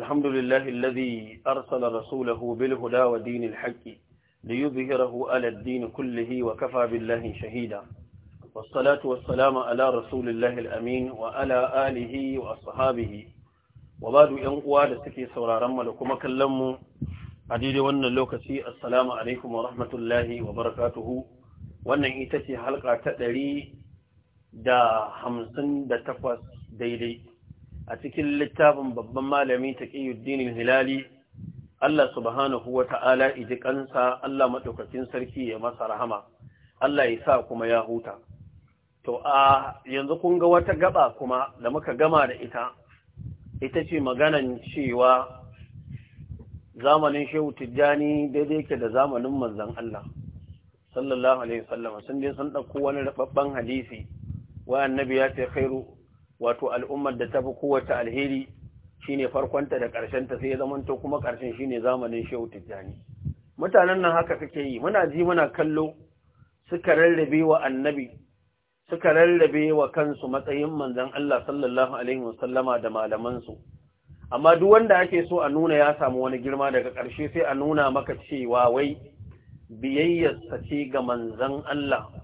الحمد لله الذي أرسل رسوله بالهدى ودين الحق ليظهره على الدين كله وكفى بالله شهيدا والصلاة والسلام على رسول الله الأمين وعلى آله وأصحابه وبعد ينقوى لسكي سورا رمى لكم كلمه adidi wannan lokaci assalamu alaikum wa rahmatullahi wa barakatuhu wannan ita ce halka ta ɗari da hamsin da takwas daidai a cikin littafin babban malami taqiyuddin hilali Allah subhanahu ta'ala iji kansa Allah madaukakin sarki ya masa rahama Allah ya sa kuma ya huta to a yanzu kun ga wata gaba kuma da muka gama da ita ita ce maganan cewa zamanin Shehu Tijjani daidai yake da zamanin manzon Allah sallallahu alaihi wasallam sun dai sun ɗauko wani rababban hadisi wa annabi ya ce wato al'ummar da ta fi kowace alheri shine farkonta da ƙarshenta sai ya zamanto kuma ƙarshen shine zamanin shehu tijjani mutanen nan haka kake yi muna ji muna kallo suka rarrabe wa annabi suka rarrabe wa kansu matsayin manzon Allah sallallahu alaihi wasallama da malamansu, amma duk wanda ake so a nuna ya samu wani girma daga ƙarshe sai a nuna maka cewa wai biyayyarsa ce ga manzon Allah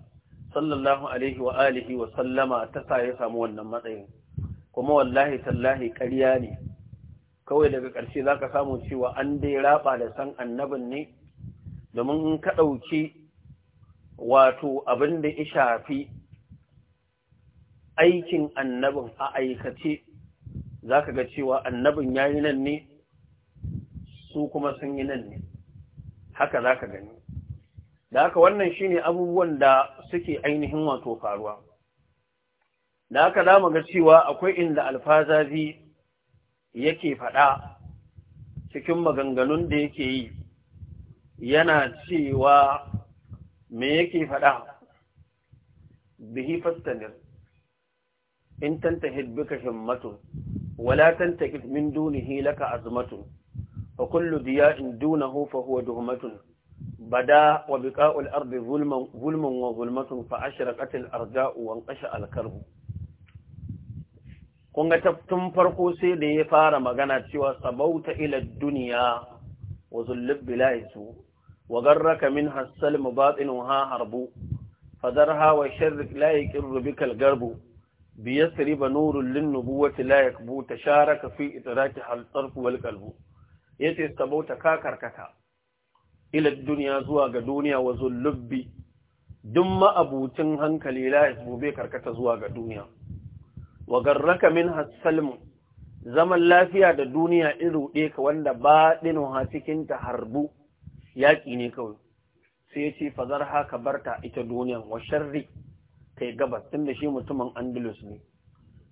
sallallahu alaihi wa alihi wa sallama ta sa ya samu wannan matsayin kuma wallahi tallahi ƙarya ne kawai daga ƙarshe za ka samu cewa an dai raba da san annabin ne domin in ka ɗauki wato abin da ya shafi aikin annabin a aikace za ka ga cewa annabin ya yi nan ne su kuma sun yi nan ne haka za ka gani da haka wannan shine abubuwan da suke ainihin wato faruwa da haka za mu ga cewa akwai inda alfazazi yake faɗa cikin maganganun da yake yi yana cewa me yake faɗa bihi fastanir in tantahid bika himmatu wala tantakit min dunihi laka azmatu wa kullu diya'in dunahu fa huwa duhmatun bada wa biƙa ardi gulman wa zulmatun fa ashraqat al wa anqasha al karbu kun ga tun farko sai da ya fara magana cewa sabauta ila duniya wa zullub bilaisu wa garraka min hasal mubatinha harbu fadarha wa sharrik la yaqirru bikal garbu بيسرب نور للنبوة لا يكبو تشارك في إدراك Ya ce يتي ka karkata. ila duniya zuwa ga duniya wa zullubbi duk ma'abucin hankali la yasbu karkata zuwa ga duniya wa garraka min hasalm zaman lafiya da duniya iru ɗe ka wanda ba ɗinu ha cikin ta harbu yaƙi ne kawai sai ya ce fazar haka barta ita duniya wa sharri kai gabas tun da shi mutumin andalus ne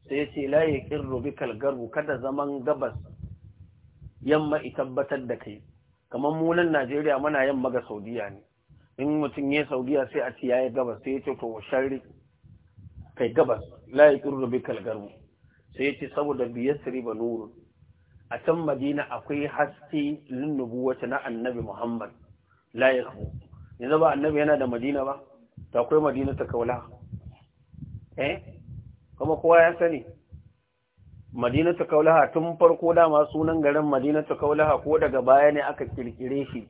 sai ce laye kirru bi kalgaru kada zaman gabas yamma i tabbatar da kai kamar mu Najeriya muna yin maga Saudiya ne in mutum ya Saudiya sai a ce yayi gabas sai ya ce to sharri kai gabas la yaqru bikal sai ya ce saboda biyasiri ba nuru a can Madina akwai haske linnubuwata na Annabi Muhammad la yakhu yanzu ba Annabi yana da Madina ba to akwai Madina ta kaula eh kuma kowa ya sani madinatu kaulaha tun farko dama sunan garin madinatu kaulaha ko daga baya ne aka kirkire shi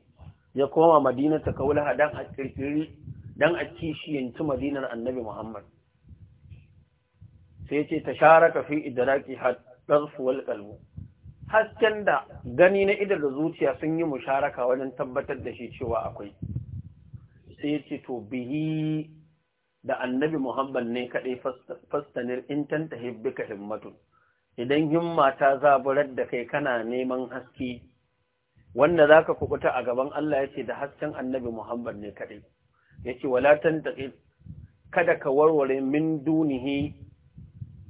ya koma madinatu kaulaha dan a kirkiri dan a kishiyanci madinar annabi Muhammad sai ce ta sharaka fi idraki hadarf wal qalbu hasken da gani na idar da zuciya sun yi musharaka wajen tabbatar da shi cewa akwai sai ce to bihi da annabi Muhammad ne kadai fastanir in hibbika bika himmatun idan himma ta zaburar da kai kana neman haske wanda za ka a gaban Allah ya ce da hasken annabi Muhammad ne kaɗai ya ce walatan taƙi kada ka warware min dunihi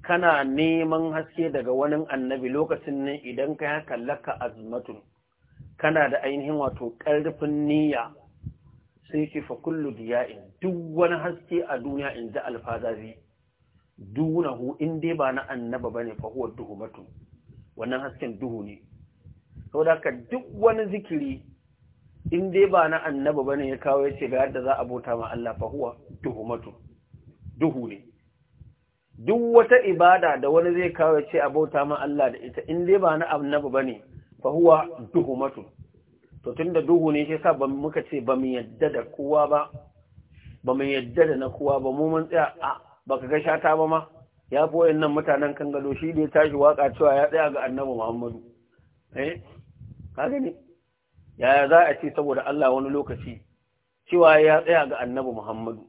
kana neman haske daga wani annabi lokacin nan idan ka ya kallaka azmatu kana da ainihin wato ƙarfin niyya sai ce fa kullu diya'in duk wani haske a duniya in ji alfazazi duhunahu in dai ba na annaba bane fa huwa duhumatu wannan hasken duhu ne saboda haka duk wani zikiri in dai ba na annaba bane ya kawo yace ga yadda za a bauta ma Allah fa huwa duhumatu duhu ne duk wata ibada da wani zai kawo yace a bauta ma Allah da ita in dai ba na annaba bane fa huwa duhumatu to tunda duhu ne shi yasa muka ce ba mu yadda da kowa ba ba mu yadda da na kowa ba mu mun tsaya a baka ga shata ba ma ya fi wayannan mutanen kan gado shi ne ya tashi waka cewa ya tsaya ga annabi Muhammadu eh ka gani yaya za a ce saboda Allah wani lokaci cewa ya tsaya ga annabi Muhammadu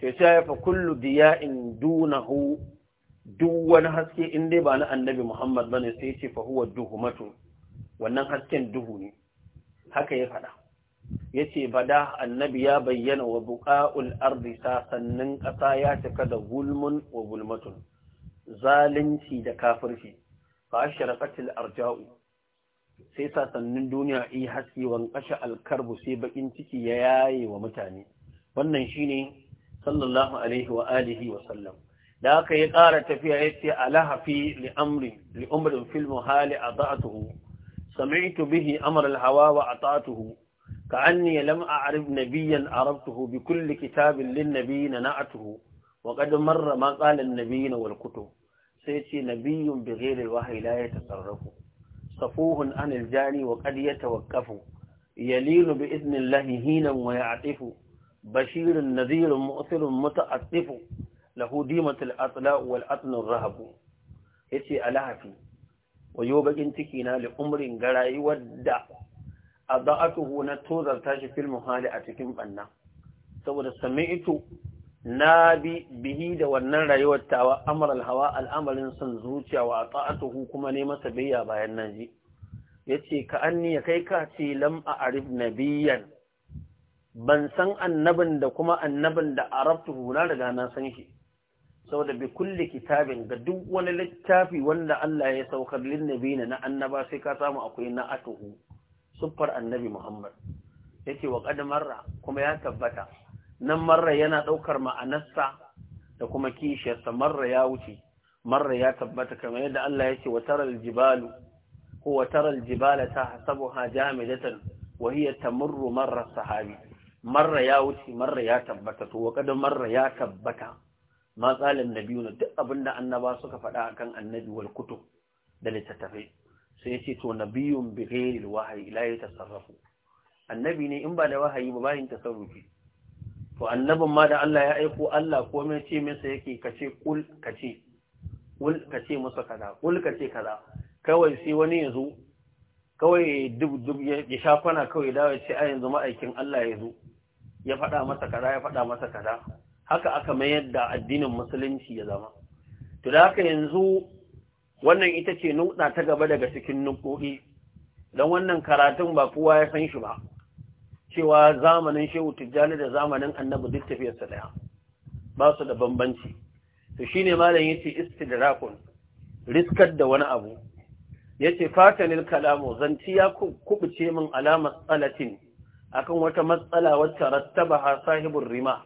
to sai ya fa kullu diya'in dunahu duk wani haske in dai ba na annabi Muhammad bane sai ce fa huwa duhumatu wannan hasken duhu ne haka ya faɗa yace bada annabi ya bayyana wa buƙa'ul arzi sannan ƙasa ya cika da gulmun wa gulmatun zalunci da kafirci fa ashraqatil arja'u sai sasannin duniya yi haske ƙashe kasha alkarbu sai bakin ciki ya yaye wa mutane wannan shine sallallahu alaihi wa alihi wa sallam da aka yi ƙara tafiya ya ce alahafi li'amrin fil muhali a ta'atuhu sami'tu bihi amr al-hawa wa ata'atuhu كأني لم أعرف نبيا عرفته بكل كتاب للنبي نعته وقد مر ما قال النبي والكتب سيتي نبي بغير الوحي لا يتصرف صفوه عن الجاني وقد يتوقف يلين بإذن الله هينا ويعطف بشير نذير مؤثر متعطف له ديمة الأطلاء والأطن الرهب يتي ألاحفي ويوبك انتكينا لأمر غرائي ودعو A adatuhu na tozarta shi fil muhali a cikin banna saboda ito, na bi bihi da wannan rayuwar tawa amar hawa, al'amarin son zuciya wa ta'atuhu kuma ne masa bayya bayan nan ji yace ka anni ya kai ka ce lam a'rif nabiyan ban san annabin da kuma annabin da arabtuhu na riga na san shi saboda bi kulli kitabin ga duk wani littafi wanda Allah ya saukar lin nabina na annaba sai ka samu akwai na atuhu siffar annabi Muhammad yake wa qad marra kuma ya tabbata nan marra yana daukar ma'anarsa da kuma kishiyarsa marra ya wuce marra ya tabbata kamar yadda Allah yake wa taral jibalu ko wa taral jibala tahsabuha jamidatan wa hiya tamurru marra sahabi marra ya wuce marra ya tabbata to wa marra ya tabbata ma tsalin nabiyuna duk abinda annaba suka faɗa akan annabi wal kutub da littattafai sai ya ce to nabiyun bi wahayi wahyi ta sarrafu. annabi ne in ba da wahayi ba bayan bayin tasarrufi to annabin ma da Allah ya aiko Allah ko mai ce masa yake kace kul kace kul kace masa kaza kul kace kaza kawai sai wani ya zo kawai dub dub ya shafana kawai dawo ya ce a yanzu ma'aikin Allah ya zo ya faɗa masa kaza ya faɗa masa kaza haka aka mayar da addinin musulunci ya zama to da haka yanzu wannan ita ce nutsa ta gaba daga cikin nukoɗi don wannan karatun ba kowa ya san shi ba cewa zamanin shehu tijjani da zamanin annabi duk tafiyarsa daya ba su da bambanci to shine malam yace istidrakun riskar da wani abu yace fatanil kalamu zanci ya kubuce min alamar tsalatin akan wata matsala wacce ha sahibin rima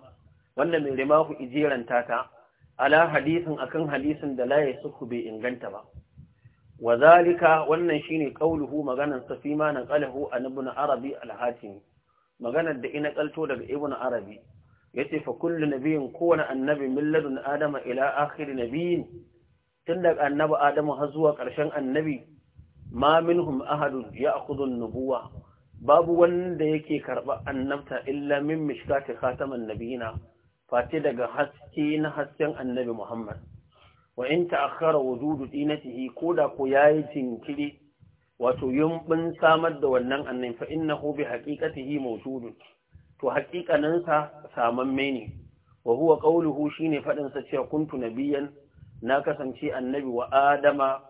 wannan mai rima ku ijeranta ta ala hadisin akan hadisin da la ku bai inganta ba wa zalika wannan shine qauluhu maganan safima na qalahu an ibn arabi al hatimi maganar da ina kalto daga ibn arabi yace fa kullu nabiyyin kowane annabi min ladun adama ila akhir nabiyyin tun daga annabi adamu har zuwa karshen annabi ma minhum ahadun ya'khudhu an-nubuwa babu wanda yake karba annabta illa min mishkati khataman nabiyina fati daga haske na hasken annabi Muhammad wa in ta'akhkhara wujudu dinatihi koda ko yayi jinkiri wato yumbin samar da wannan annabi fa innahu bi haqiqatihi mawjudun to haqiqanin sa samamme ne wa huwa qawluhu shine fadin sa cewa kuntu nabiyan na kasance annabi wa adama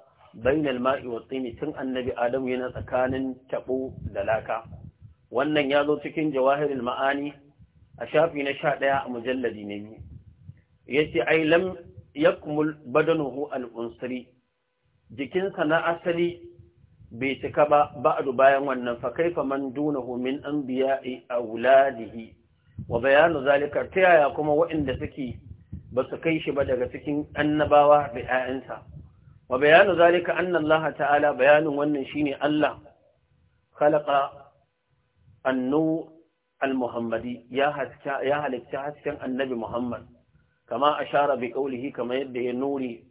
bainal ma'i wa tun annabi adamu yana tsakanin tabo da laka wannan ya zo cikin jawahirul ma'ani a shafi na sha ɗaya a mujalladi na yi. ya ce ai lam yakmul badanuhu al'unsari jikinsa na asali bai cika ba ba'adu bayan wannan fa kaifa man dunahu min anbiya'i auladihi wa bayanu zalika ta yaya kuma waɗanda suke ba su kai shi ba daga cikin annabawa da yayansa wa bayanu zalika anna Allah ta'ala bayanin wannan shine Allah khalaqa annu al-muhammadi ya halitta hasken annabi muhammad kama ashara bi qawlihi kama yadda ya nuri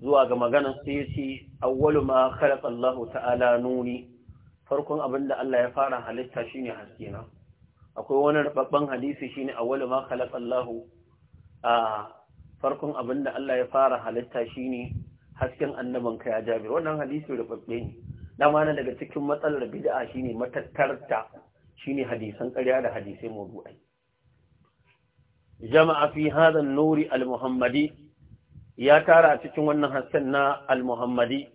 zuwa ga maganar sai ya ce awwalu ma khalaqa Allah ta'ala nuri farkon abin da Allah ya fara halitta shine haske na akwai wani rababban hadisi shi ne awwalu ma khalaqa Allah a farkon abin da Allah ya fara halitta shi ne hasken annaban ka ya jabir wannan hadisi rababbe ne dama na daga cikin matsalar bid'a ne matattarta shine hadisan ƙarya da hadisai mawdu'ai jama'a fi hadha nuri al-muhammadi ya tara a cikin wannan hasken na al-muhammadi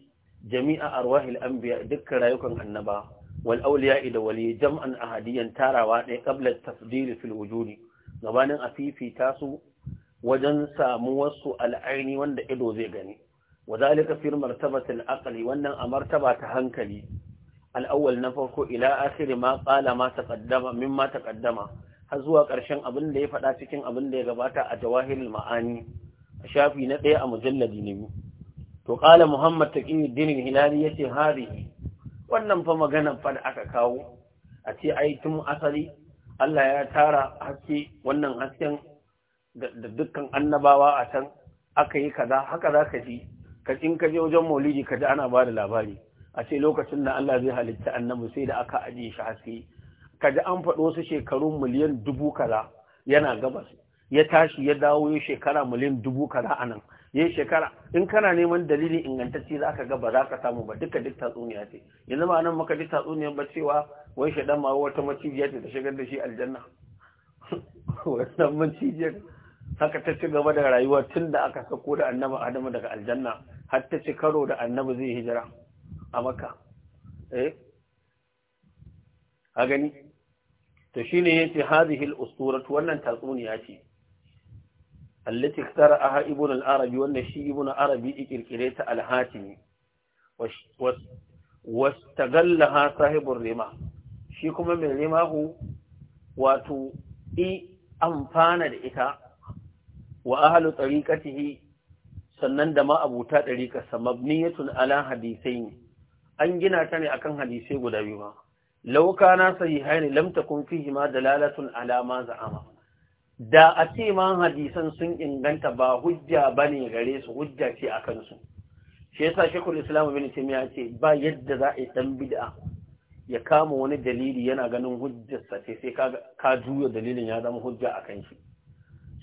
jami'a arwahil anbiya dukkan rayukan annaba wal awliya da wali jam'an ahadiyan tarawa ɗaya qabla tafdil fil wujudi gabanin afifita su wajen samu wasu al'aini wanda ido zai gani wa zalika fi martabatil aqli wannan a martaba ta hankali al'awwal na farko ila asiri, ma qala ma taqaddama mimma har zuwa ƙarshen abin da ya faɗa cikin abin da ya gabata a jawahirul ma'ani a shafi na ɗaya a mujalladi na to ƙala muhammad taqiyuddin hilali ce hadihi wannan fa magana fa da aka kawo a ce ai tun asali Allah ya tara haske wannan hasken da dukkan annabawa a can aka yi kaza haka za ka ji ka in ka je wajen maulidi ka ji ana ba da labari a ce lokacin da Allah zai halitta annabi sai da aka ajiye shi haske kaji an faɗo su shekarun miliyan dubu kaza yana gabas ya tashi ya dawo ya shekara miliyan dubu kaza a nan ya shekara in kana neman dalili ingantacce za ka ga ba za ka samu ba duka duk tatsuniya ce yanzu ba nan maka duk tatsuniyan ba cewa wai shaɗan ma wata macijiya ce ta shigar da shi aljanna wannan macijiyar haka ta ci gaba da rayuwa tun da aka sako da annabi adamu daga aljanna har ta ci karo da annabi zai hijira a maka eh a gani to shine yace hadhihi al-usturatu wannan tatsuniya ce allati iktara'aha ibn al-arabi wannan shi ibn arabi ikirkire ta al-hatimi wastagallaha sahibur rima shi kuma mai rimahu wato i amfana da ita wa ahlu tariqatihi sannan da ma abuta tariqarsa mabniyatun ala hadithain an gina ta ne akan hadisai guda biyu ma law kana sahihaini lam takun fihi ma dalalatun ala ma za'ama da a ce ma hadisan sun inganta ba hujja bane gare su hujja ce akan su shi yasa shekul islam ibn taymiya ce ba yadda za a yi dan bid'a ya kama wani dalili yana ganin hujjarsa sai sai ka juya dalilin ya zama hujja akan shi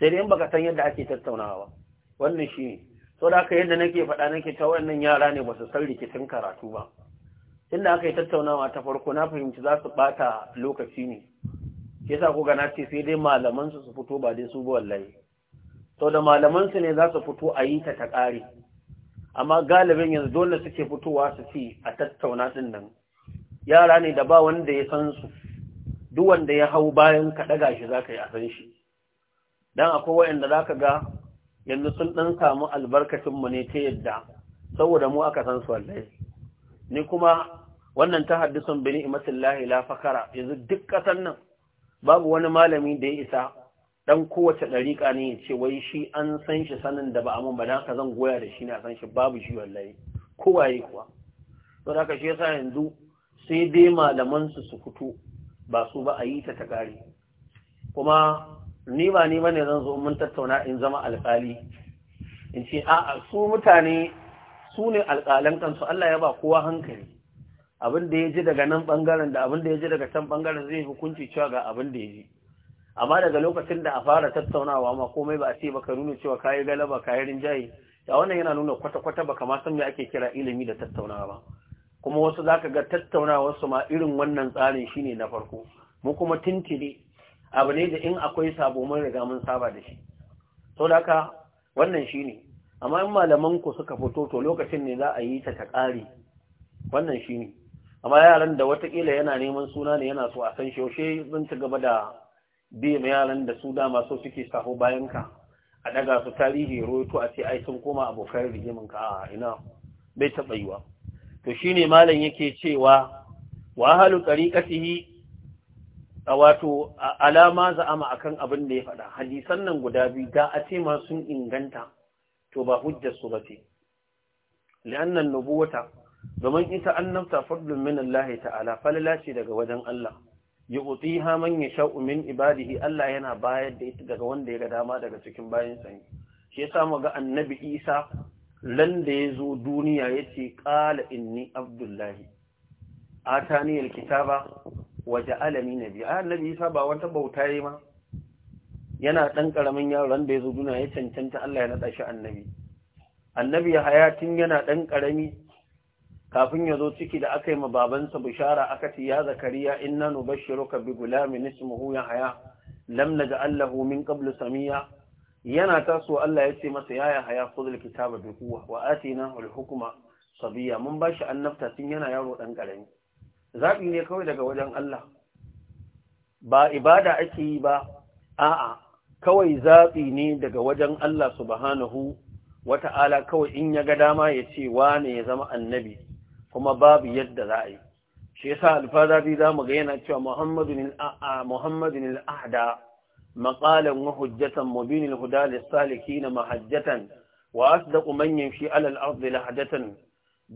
sai dai in baka san yadda ake tattaunawa ba wannan shi ne to da aka yadda nake faɗa nake ta wannan yara ne ba su san rikicin karatu ba inda aka yi tattaunawa ta farko na fahimci za su ɓata lokaci ne ke sa ku gana ce sai dai malamansu su fito ba dai su ba wallahi to da malamansu ne za su fito a yi ta ta ƙare amma galibin yanzu dole suke fitowa su ce a tattauna ɗin nan yara ne da ba wanda ya san su duk wanda ya hau bayan ka ɗaga shi za ka yi a san shi Dan akwai waɗanda za ka ga yanzu sun ɗan samu albarkacinmu ne ta yadda saboda mu aka san su wallahi ni kuma wannan ta haddisun bini imatillahi la fakara yanzu duk ƙasar nan babu wani malami da ya isa dan kowace ɗariƙa ne ya ce wai shi an san shi sanin da ba a mun ba don ka zan goya da shi a san shi babu shi wallahi kowa yi kuwa don haka shi yasa yanzu sai dai malaman su su fito ba su ba a yi ta ta kare kuma ni ba ni bane zan zo mun tattauna in zama alƙali in ce a'a su mutane su ne alƙalan kansu Allah ya ba kowa hankali abin da ya ji daga nan ɓangaren da abin da ya ji daga can ɓangaren zai hukunci cewa ga abin da ya ji amma daga lokacin da a fara tattaunawa ma komai ba a ce ba ka nuna cewa kayi galaba kayi rinjaye da wannan yana nuna kwata-kwata Ba ma san me ake kira ilimi da tattaunawa ba kuma wasu zaka ga tattaunawar su ma irin wannan tsarin shine na farko mu kuma tintire abu ne da in akwai sabo mun riga mun saba da shi to daka, wannan shine amma in malaman ku suka fito to lokacin ne za a yi ta ta ƙare wannan shine amma yaran da watakila yana neman suna ne yana so a san yaushe zan ci gaba da bi yaran da su dama so suke saho bayan ka a daga su tarihi roto a ce ai sun koma abokan rigimin ka a ina bai taɓa yiwa to shine malam yake cewa wa ahalu tariqatihi wato alama za'ama akan abin da ya faɗa hadisan nan guda biyu da a ce ma sun inganta to ba hujjar su bace li'annan nubuwata domin ita an nafta fadlun min Allah ta'ala falala ce daga wajen Allah ya haman ya yasha'u min ibadihi Allah yana bayar da ita daga wanda ya ga dama daga cikin bayan sa shi yasa mu ga annabi Isa lan da ya zo duniya yace qala inni abdullahi atani alkitaba waje alami na biya annabi isa ba wata bauta yi ma yana ɗan karamin yaron da ya zo duna ya cancanta Allah ya naɗa shi annabi annabi ya hayatin yana ɗan karami kafin ya zo ciki da aka yi ma babansa bishara aka ce ya zakariya inna nubashshiruka bi gulamin ismuhu ya haya lam naj'al lahu min qablu samiya yana taso Allah ya ce masa ya haya khudh kitaba bi quwwa wa atina al-hukma sabiya mun bashi annabta tun yana yaro dan karami zaɓi ne kawai daga wajen Allah ba ibada ake yi ba a'a kawai zaɓi ne daga wajen Allah subhanahu wata'ala kawai in ya ga dama ya ce ne ya zama annabi kuma babu yadda za a yi shi yasa alfazabi za mu ga yana cewa muhammadun al'ahda maƙalan wa hujjatan mubinin huda lissalihi na mahajjatan wa asdaqu man shi alal ardi lahadatan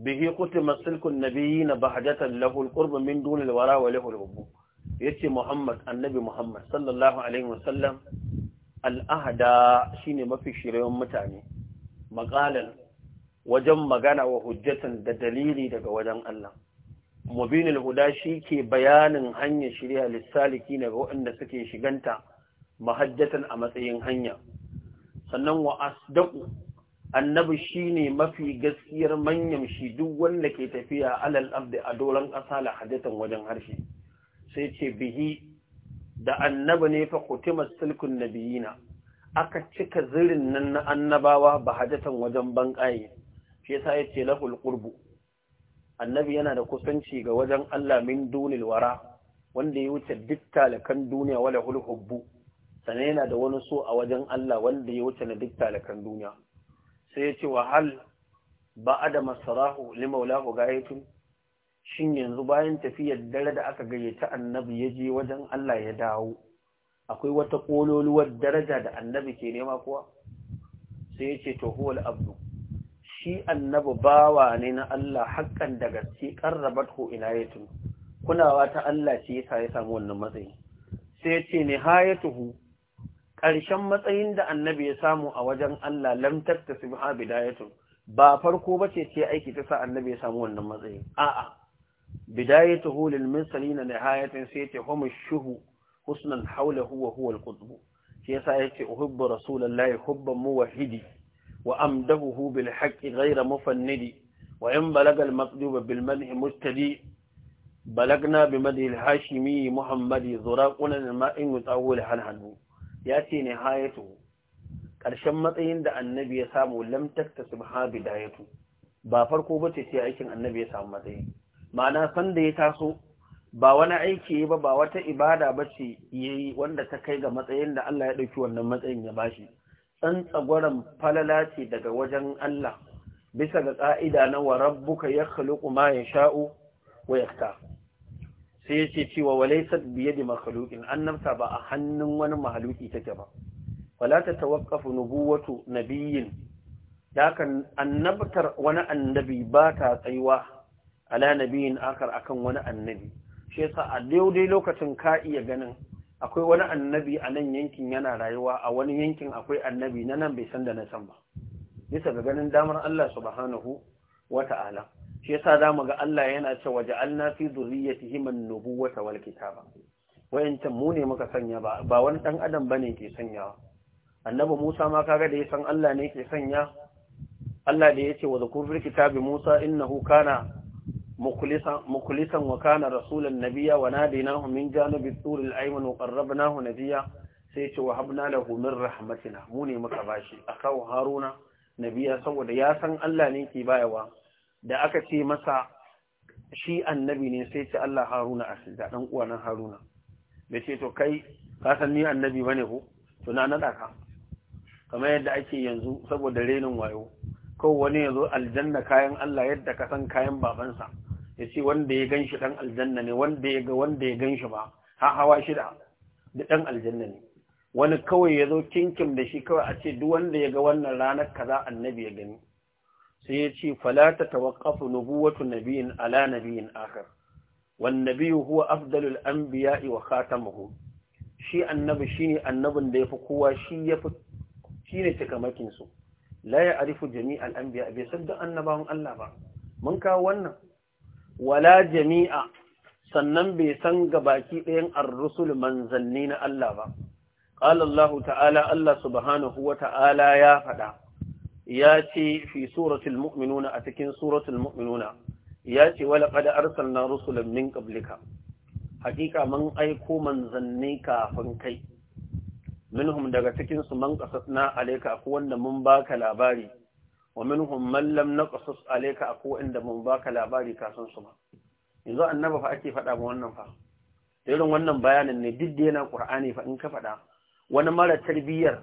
bihi kutima silkun nabiyina bahjatan lahu alqurb min duni alwara wa lahu yace Muhammad annabi Muhammad sallallahu alaihi wasallam al'ahda shine mafi shiryen mutane maqalan wajen magana wa hujjatan da dalili daga wajen Allah mubinul huda ke bayanin hanyar shirya lissaliki ne ga waɗanda suke shiganta mahajjatan a matsayin hanya sannan wa asdaqu annabi shine mafi gaskiyar manyan shi duk wanda ke tafiya alal abdi a doron ƙasa la wajen harshe sai ce bihi da annabi ne fa kutima silkun nabiyina aka cika zirin nan na annabawa ba hajjatan wajen banƙaye shi yasa yace lahul qurbu annabi yana da kusanci ga wajen Allah min dunil wara wanda ya wuce duk talakan duniya wala hul hubbu yana da wani so a wajen Allah wanda ya wuce na duk talakan duniya sai ya ce wahal ba da masarahu limaulahu gayatun shin yanzu bayan tafiyar dare da aka gayyata annabi ya je wajen Allah ya dawo akwai wata kololuwar daraja da annabi ke nema kuwa sai ya ce to huwal abdu shi annabi bawa ne na Allah haƙƙan da gaske qarrabat hu ilayatun kunawa ta Allah ce yasa ya samu wannan matsayi sai ya ce tuhu. ƙarshen matsayin da annabi ya samu a wajen Allah lam tattasib ha bidayatun ba farko bace ce aiki ta sa annabi ya samu wannan matsayin a'a bidayatuhu lil na nihayatin sai ta hum shuhu husnan hawlahu wa huwa al shi yasa yace uhibbu rasulullahi hubban muwahhidi wa amdahu bil haqqi ghayra mufannidi wa in balaga al maqdub bil manhi mustadi balagna bi madhi al hashimi muhammadi zuraquna al ma'in yutawil hanhanu ya ce ne hayatu ƙarshen matsayin da annabi ya samu lamtakta su da bidayatu ba farko ba ce sai aikin annabi ya samu matsayi ma'ana san da ya taso ba wani aiki ba ba wata ibada ba ce yayi wanda ta kai ga matsayin da Allah ya ɗauki wannan matsayin ya bashi tsantsagwaran falala ce daga wajen Allah bisa ga ƙa'ida na wa rabbuka ya khaliqu ma yasha'u wa yakhtar sai yace cewa walaysat bi yadi makhluqin annabta ba a hannun wani mahaluki take ba wala tatawaqqafu nubuwatu nabiyyin dakan annabtar wani annabi ba ta tsayuwa ala nabiyyin akar akan wani annabi shi yasa a daidai lokacin ka iya ganin akwai wani annabi a nan yankin yana rayuwa a wani yankin akwai annabi na nan bai san da na san ba bisa ga ganin damar Allah subhanahu wa ta'ala shi yasa mu ga Allah yana cewa ja'alna fi dhurriyyatihim an-nubuwwata wal kitaba wayancan mu ne muka sanya ba ba wani dan adam bane ke sanyawa annabi Musa ma kaga da ya san Allah ne ke sanya Allah da yace wa zakur fil kitabi Musa innahu kana mukhlisan mukhlisan wa kana rasulan nabiyya wa nadinahu min janibi tur al-ayman wa qarrabnahu nabiyya sai ce wa habna lahu min rahmatina mu ne muka bashi akau haruna nabiyya saboda ya san Allah ne ke bayawa da aka ce masa shi annabi ne sai ce Allah haruna a da ɗan uwanan haruna da ce to kai ka san ni annabi ba ne ko to na naɗa ka kamar yadda ake yanzu saboda renin wayo ko wani ya zo aljanna kayan Allah yadda ka san kayan babansa ya ce wanda ya gan shi ɗan aljanna ne wanda ya ga wanda ya gan shi ba ha hawa shida da ɗan aljanna ne wani kawai ya zo kinkim da shi kawai a ce duk wanda ya ga wannan ranar kaza annabi ya gani sai ya ce falata tawaqqafu nubuwatu nabiyyin ala nabiyyin akhar wan nabiyyu huwa afdalul anbiya'i wa khatamuhu shi annabi shine annabin da ya fi kowa shi yafi shine cikamakin su la ya'rifu jami'al anbiya bai san da annabawan Allah ba mun kawo wannan wala jami'a sannan bai san gabaki ɗayan ar-rusul manzanni na Allah ba qala Allah ta'ala Allah subhanahu wa ta'ala ya faɗa ya ce fi suratul mu'minuna a cikin suratul mu'minuna ya ce wala qad arsalna rusulan min qablika hakika mun aiko manzanni kafin kai minhum daga cikin su man qasasna alayka ko wanda mun baka labari wa minhum man lam naqasas alayka ko inda mun baka labari kafin su ba yanzu annaba fa ake faɗa ma wannan fa irin wannan bayanin ne duk da yana qur'ani fa in ka faɗa wani mara tarbiyyar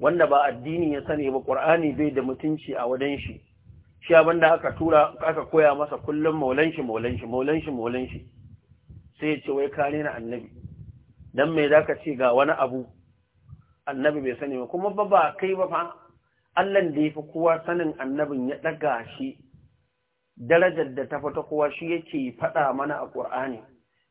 wanda ba addini ya sani ba ƙur'ani bai da mutunci a wajen shi shi abin da aka tura aka koya masa kullum maulan shi maulan shi maulan shi maulan shi sai ya ce wai ka na annabi dan me zaka ce ga wani abu annabi bai sani ba kuma ba kai ba fa Allah da yafi kowa sanin annabin ya daga shi darajar da ta fata kowa shi yake faɗa mana a Qur'ani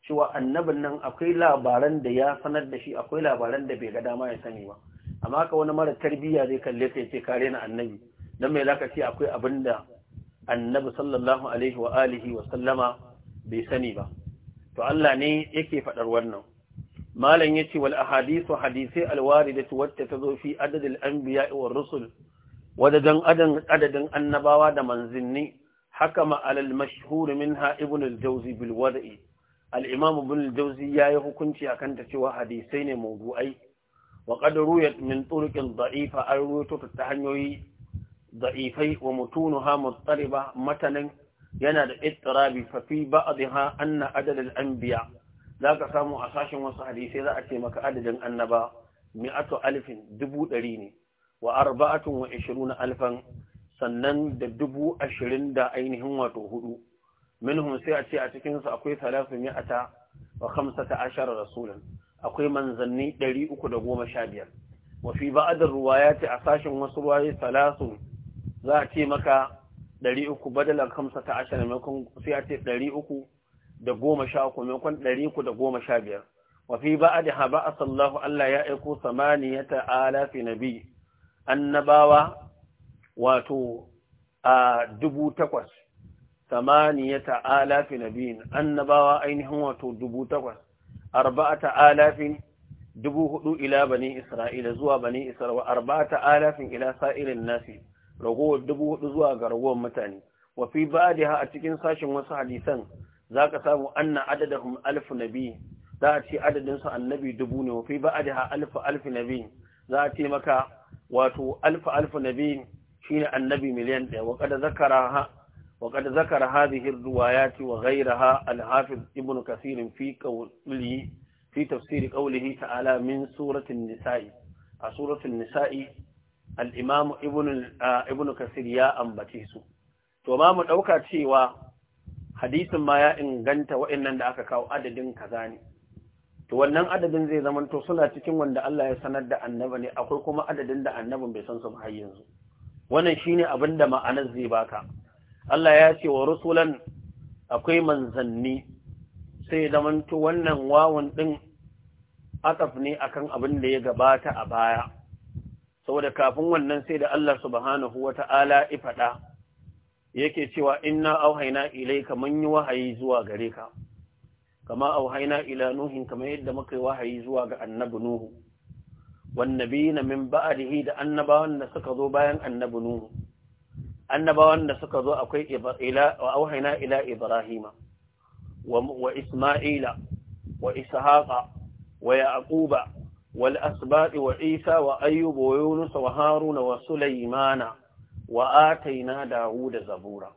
cewa annabin nan akwai labaran da ya sanar da shi akwai labaran da bai ga dama ya sani ba amma ka wani mara tarbiyya zai kalle sai ce kare na annabi don me zaka ce akwai abin da annabi sallallahu alaihi wa alihi wa sallama bai sani ba to Allah ne yake faɗar wannan malam yace wal ahadithu hadisi al waridatu wacce zo fi adad al anbiya wa rusul wadadan adan adadin annabawa da manzanni ma al mashhur minha ibn al jawzi bil wada'i al imam ibn al jawzi yayi hukunci akan ta cewa hadisai ne mawdu'ai wa qad ruwiyat min turuqin da'ifa an ta hanyoyi da'ifai wa mutunuha muttariba matanan yana da ittirabi fa fi ba'dha anna adad al-anbiya zaka samu a sashen wasu hadisi za a ce maka adadin annaba mi'atu alfin dubu ɗari ne wa arba'atun wa ishiruna alfan sannan da dubu ashirin da ainihin wato hudu minhum sai a ce a cikinsu akwai salasu mi'ata wa kamsata ashara rasulan akwai manzanni 315 wafi ba'adar ce a sashen wasu ruwaye salasu za a ce maka 300 badalan kamsa ta ashirin maimakon sai a ce 300 da goma sha uku maimakon ɗari uku da goma sha biyar wafi ba a da haba a sallahu Allah ya aiko samaniya ta alafi na bi annabawa wato a dubu takwas samaniya ta alafi na biyin annabawa ainihin wato dubu takwas arba'ata alafin dubu hudu ila bani isra'ila zuwa bani isra'ila arba'ata alafin ila sa'irin nasi ragowar dubu hudu zuwa ga ragowar mutane wa fi ba'daha a cikin sashen wasu hadisan za ka samu anna adadahum alf nabi za a ce adadin su annabi dubu ne wa fi ba'daha alf alf nabi za a ce maka wato alf alf nabi shine annabi miliyan ɗaya wa kada zakara وقد ذكر هذه الروايات وغيرها الحافظ ابن كثير في قوله في تفسير قوله تعالى من سورة النساء سورة النساء الإمام ابن ابن كثير يا أنبتيس وما مدوكا تشيوا hadisin ma ya inganta waɗannan da aka kawo adadin kaza ne to wannan adadin zai zamanto suna cikin wanda Allah ya sanar da annaba ne akwai kuma adadin da annabin bai san su ba har yanzu wannan shine abin da ma'anar zai baka Allah ya ce wa rusulan akwai manzanni sai da manto wannan wawan ɗin ataf ne akan abin da ya gabata a baya saboda kafin wannan sai da Allah subhanahu wata'ala fada yake cewa inna auhayna ilayka man yi wahayi zuwa gare ka kama auhayna ila nuhin kama yadda muka yi wahayi zuwa ga annabi nuhu wan nabiyina min ba'dihi da annabawan da suka zo bayan annabi nuhu annabawan da suka zo akwai ila ila ibrahima wa isma'ila wa ishaqa wa yaquba wal asbaq wa isa wa ayyub wa yunus wa haruna wa sulaymana wa ataina dawuda zabura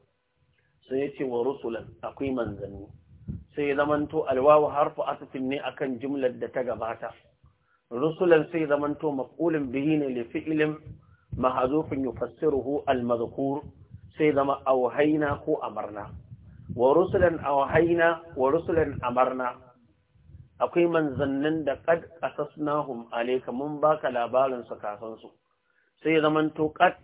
sai yace wa rusulan akwai manzanni sai zamanto alwawu harfu asfin ne akan jumlar da ta gabata rusulan sai zamanto maf'ulun bihi ne li fi'lin mahazufin yufassiruhu al-mazkur sai zama auhaina ko amarna wa rusulan auhaina wa rusulan amarna akwai manzannin da qad qasasnahum alayka mun baka labarin su kafin su sai zaman to qad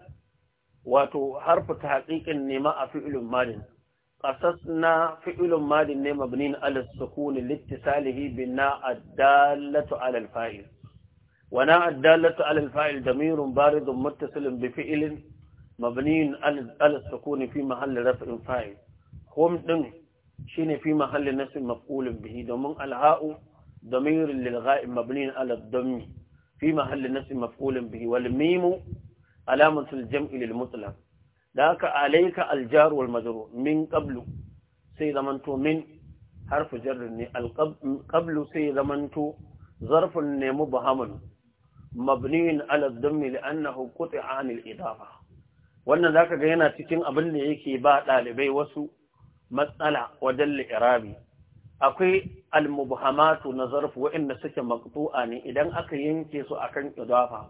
wato harfu tahqiqin ne ma a fi'lun madin قصصنا فعل ماد مبني على السكون لاتصاله بالناء الدالة على الفاعل وناء الدالة على الفاعل ضمير بارد متصل بفعل مبني على السكون في محل رفع فاعل هم دم شين في محل نصب مفعول به ضمن العاء ضمير للغائب مبني على الضم في محل نصب مفعول به والميم علامة الجمع للمطلق ذاك عليك الجار والمجرور من قبل سيدمنت من حرف جر القبل سيدمنت ظرف مبهم mabniyin ala dhammi li'annahu qut'a anil idafa wannan zaka ga yana cikin abin da yake ba dalibai wasu matsala wajen li'irabi akwai almubhamatu na zarfi waɗanda suke maqtu'a ne idan aka yanke su akan idafa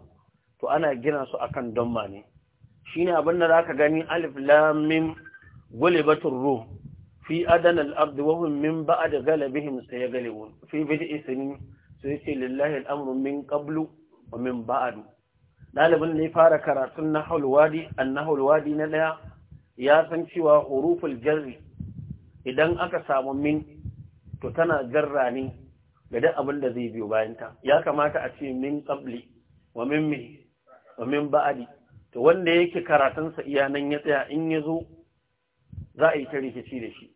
to ana gina su akan damma ne shine abin da zaka gani alif lam mim gulibatur ruh في أدنى الأرض وهم من بعد غلبهم سيغلبون في بدء سنين ce, لله الأمر من قبل wa min ba'adu ɗalibin da ya fara karatun nahul wadi annahul wadi na ɗaya ya san cewa huruful jarri idan aka samu min to tana jarra ne ga duk abin da zai biyo bayanta ya kamata a ce min qabli wa min mi wa min ba'di to wanda yake karatun sa iya nan ya tsaya in ya zo za a yi ta rikici da shi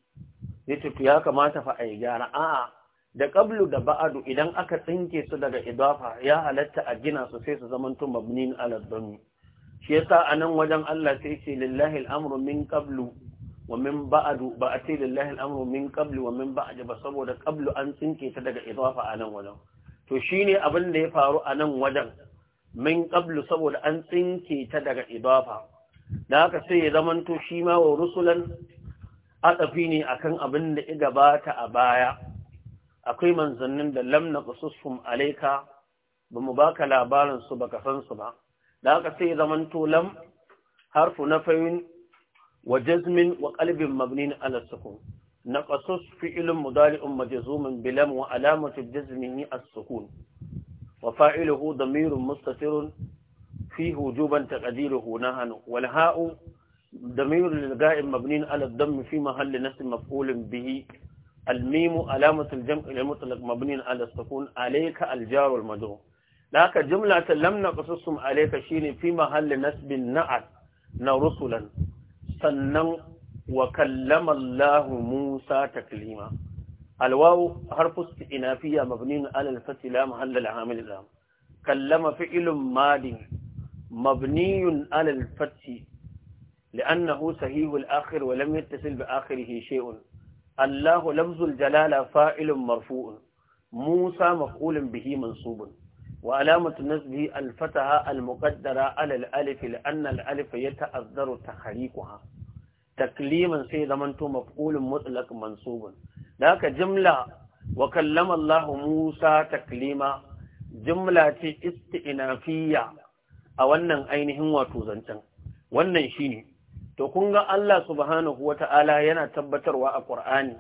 yace ya kamata fa a yi gyara a'a da ƙablu da ba'adu idan aka tsinke su daga idafa ya halatta a gina su sai su tun mabnin ala dhammi shi yasa anan wajen Allah sai ce lillahi al'amru min qablu wa min ba'adu ba a ce lillahi al'amru min qablu wa min ba'adu ba saboda qablu an tsinke ta daga idafa a nan wajen to shine abin da ya faru a nan wajen min qablu saboda an tsinke ta daga idafa da haka sai ya zamanto shi ma wa rusulan adafi ne akan abin da ya gabata a baya akwai manzannin da lam na ƙasusun alaika ba mu baka labarinsu ba ka san su ba da aka sai zamanto lam harfu na fahimin wa jazmin wa ƙalbin mabnin ala sukun na ƙasus fi'ilin mudari'un majazumin bilam wa alamatu jazmin yi as-sukun wa fa'iluhu damirun mustatirun fi hujuban taqdiruhu nahan wal ha'u damirun lil ga'in mabnin ala dhamm fi mahalli nasb maf'ulin bihi الميم علامة الجمع المطلق مبني على السكون عليك الجار والمجرور لك جملة لم نقصصهم عليك شين في محل نسب نعت نرسلا سنن وكلم الله موسى تكليما الواو حرف استئنافية مبني على الفتح لا محل العامل الآن كلم فعل ماد مبني على الفتح لأنه صحيح الآخر ولم يتصل بآخره شيء الله لفظ الجلالة فاعل مرفوع موسى مفعول به منصوب وعلامة نسبه الفتحة المقدرة على الألف لأن الألف يتأذر تحريكها تكليما سيدا منتو مفعول مطلق منصوب ذاك جملة وكلم الله موسى تكليما جملة استئنافية أولا أينهم وتوزنتن wannan shine to kun ga Allah subhanahu wata'ala yana tabbatarwa a Qur'ani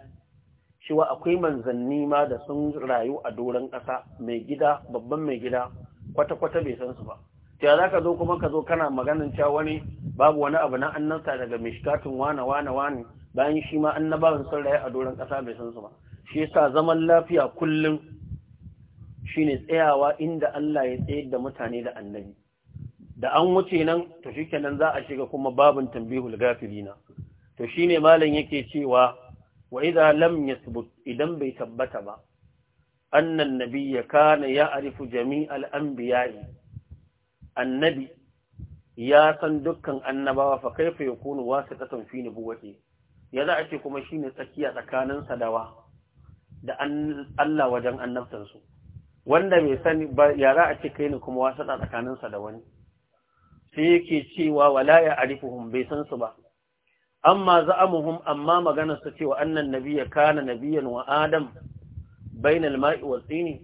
cewa akwai manzanni ma da sun rayu a doron ƙasa mai gida babban mai gida kwata-kwata bai san su ba ta za ka zo kuma ka zo kana maganin cewa wani babu wani abu na annasa daga mishkatun wana wana wani bayan shi ma annabawan sun rayu a doron ƙasa bai san su ba shi yasa zaman lafiya kullum shine tsayawa inda Allah ya tsayar da mutane da annabi da an wuce nan to shikenan za a shiga kuma babin tambihul gafilina to shine malam yake cewa wa idza lam yasbut idan bai tabbata ba annan nabiyya kana ya'rifu jami'al anbiya'i annabi ya san dukkan annabawa fa kaifa yakunu wasiqatan fi nubuwati ya za a ce kuma shine tsakiya tsakanin sadawa da Allah wajen annabtansu wanda bai sani ba ya za a ce kai ne kuma wasiqa tsakanin sa da wani sai yake cewa Walaya ya arifuhum bai san su ba amma za'amuhum amma maganar su cewa annan nabiyya kana nabiyyan wa adam bainal ma'i wa tsini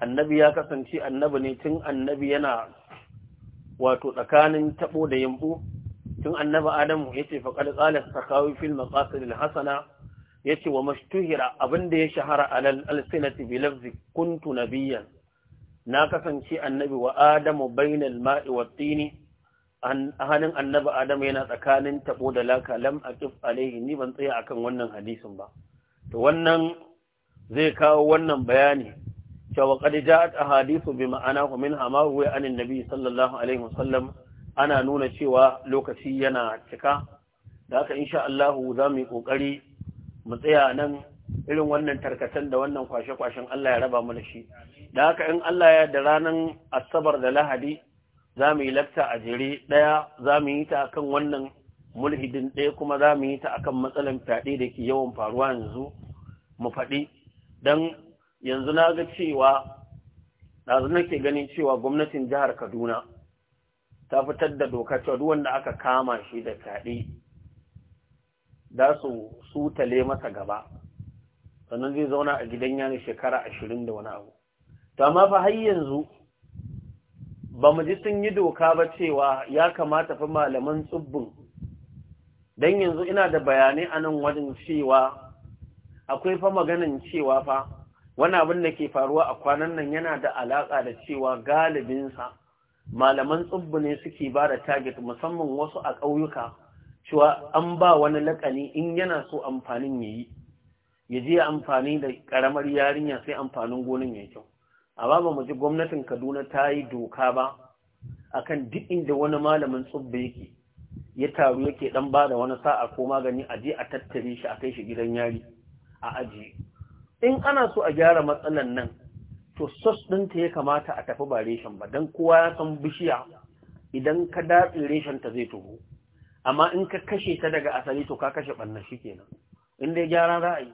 annabi ya kasance annabi ne tun annabi yana wato tsakanin tabo da yambu tun annabi adam yace faqad qala sakawi fil maqasid al hasana yace wa mashtuhira abinda ya shahara alal alsinati bi lafzi kuntu nabiyyan na kasance annabi wa adamu bainal ma'i wa tsini hannun annabi adamu yana tsakanin tabo da laka lam aqif alaihi ni ban tsaya akan wannan hadisin ba to wannan zai kawo wannan bayani cewa qad ja'at ahadithu bi ma'ana min hama huwa anin nabi sallallahu alaihi wasallam ana nuna cewa lokaci yana cika da haka insha Allah za mu yi kokari mu tsaya nan irin wannan tarkatan da wannan kwashe-kwashen Allah ya raba mana shi da haka in Allah ya da ranar asabar da lahadi za mu yi lafta a jere ɗaya za mu yi ta akan wannan mulhidin ɗaya kuma za mu yi ta akan matsalan fyaɗe da ke yawan faruwa yanzu mu faɗi don yanzu na ga cewa ɗazu nake ganin cewa gwamnatin jihar kaduna ta fitar da dokar cewa duk wanda aka kama shi da fyaɗe za su sutale masa gaba sannan zai zauna a gidan yana shekara ashirin da wani abu to amma fa har yanzu ba mu ji sun yi doka ba cewa ya kamata fa malaman tsibbin don yanzu ina da bayanai a nan wajen cewa akwai fa maganin cewa fa wani abin da ke faruwa a kwanan nan yana da alaƙa da cewa galibinsa malaman tsubbu ne suke ba da target musamman wasu a ƙauyuka cewa an ba wani laƙani in yana so amfanin ya yi ya je amfani da karamar yarinya sai amfanin gonin ya kyau amma ba mu ji gwamnatin Kaduna ta yi doka ba akan duk inda wani malamin tsubba yake ya taru yake dan ba da wani sa'a ko magani a je a tattare shi a kai shi gidan yari a aji in ana so a gyara matsalan nan to sos ɗinta ya kamata a tafi ba reshen ba don kowa ya san bishiya idan ka datsi reshen ta zai tuhu amma in ka kashe ta daga asali to ka kashe ɓanna shi kenan in dai gyara ra'ayi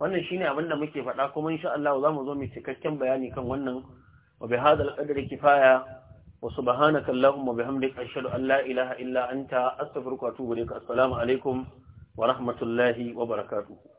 wannan shine abin da muke faɗa kuma insha Allah za mu zo mu cikakken bayani kan wannan wa bi hadal qadri kifaya wa subhanaka allahumma bihamdika ashhadu an la ilaha illa anta astaghfiruka wa atubu ilaik assalamu alaikum wa rahmatullahi wa barakatuh